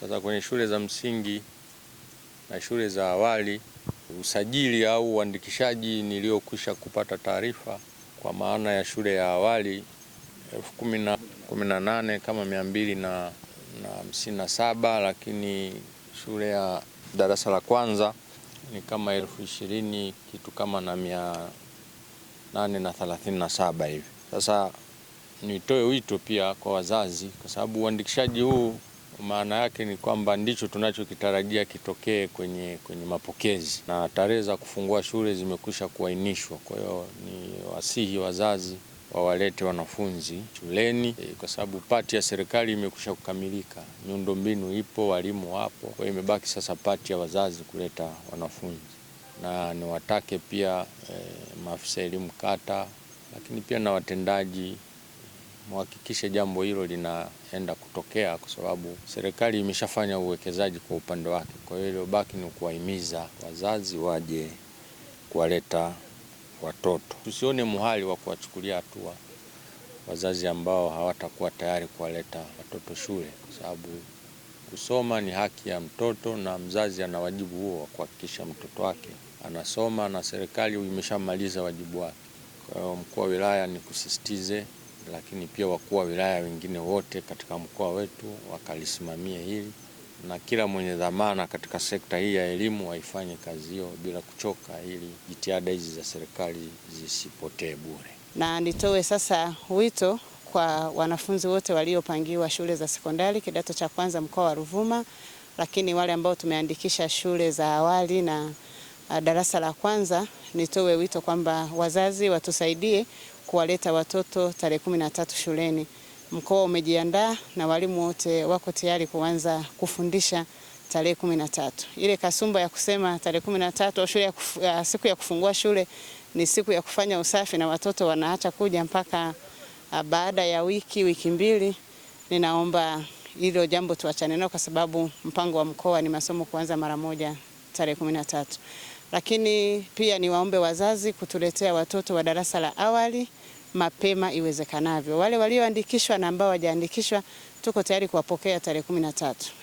Sasa kwenye shule za msingi na shule za awali usajili au uandikishaji niliokwisha kupata taarifa kwa maana ya shule ya awali elfu kumi na nane kama mia mbili na hamsini na saba lakini shule ya darasa la kwanza ni kama elfu ishirini kitu kama na mia nane na thelathini na saba hivi. Sasa nitoe wito pia kwa wazazi, kwa sababu uandikishaji huu maana yake ni kwamba ndicho tunachokitarajia kitokee kwenye, kwenye mapokezi na tarehe za kufungua shule zimekwisha kuainishwa. Kwa hiyo ni wasihi wazazi wawalete wanafunzi shuleni e, kwa sababu pati ya serikali imekwisha kukamilika, miundombinu ipo, walimu wapo. Kwa hiyo imebaki sasa pati ya wazazi kuleta wanafunzi, na niwatake pia e, maafisa elimu kata, lakini pia na watendaji muhakikishe jambo hilo linaenda kutokea, kwa sababu serikali imeshafanya uwekezaji kwa upande wake. Kwa hiyo iliyobaki ni kuwahimiza wazazi waje kuwaleta watoto, tusione muhali wa kuwachukulia hatua wazazi ambao hawatakuwa tayari kuwaleta watoto shule, kwa sababu kusoma ni haki ya mtoto na mzazi ana wajibu huo wa kuhakikisha mtoto wake anasoma, na serikali imeshamaliza wajibu wake. Kwa hiyo mkuu wa wilaya, ni kusistize lakini pia wakuu wa wilaya wengine wote katika mkoa wetu wakalisimamia hili, na kila mwenye dhamana katika sekta hii ya elimu waifanye kazi hiyo bila kuchoka, ili jitihada hizi za serikali zisipotee bure. Na nitoe sasa wito kwa wanafunzi wote waliopangiwa shule za sekondari kidato cha kwanza mkoa wa Ruvuma, lakini wale ambao tumeandikisha shule za awali na Ah, darasa la kwanza, nitoe wito kwamba wazazi watusaidie kuwaleta watoto tarehe kumi na tatu shuleni. Mkoa umejiandaa na walimu wote wako tayari kuanza kufundisha tarehe kumi na tatu. Ile kasumba ya kusema tarehe kumi na tatu au shule ya kufu, ya ah, siku ya kufungua shule ni siku ya kufanya usafi na watoto wanaacha kuja mpaka ah, baada ya wiki wiki mbili, ninaomba hilo jambo tuachane nao, kwa sababu mpango wa mkoa ni masomo kuanza mara moja tarehe kumi na tatu lakini pia niwaombe wazazi kutuletea watoto wa darasa la awali mapema iwezekanavyo. Wale walioandikishwa na ambao wajaandikishwa tuko tayari kuwapokea tarehe kumi na tatu.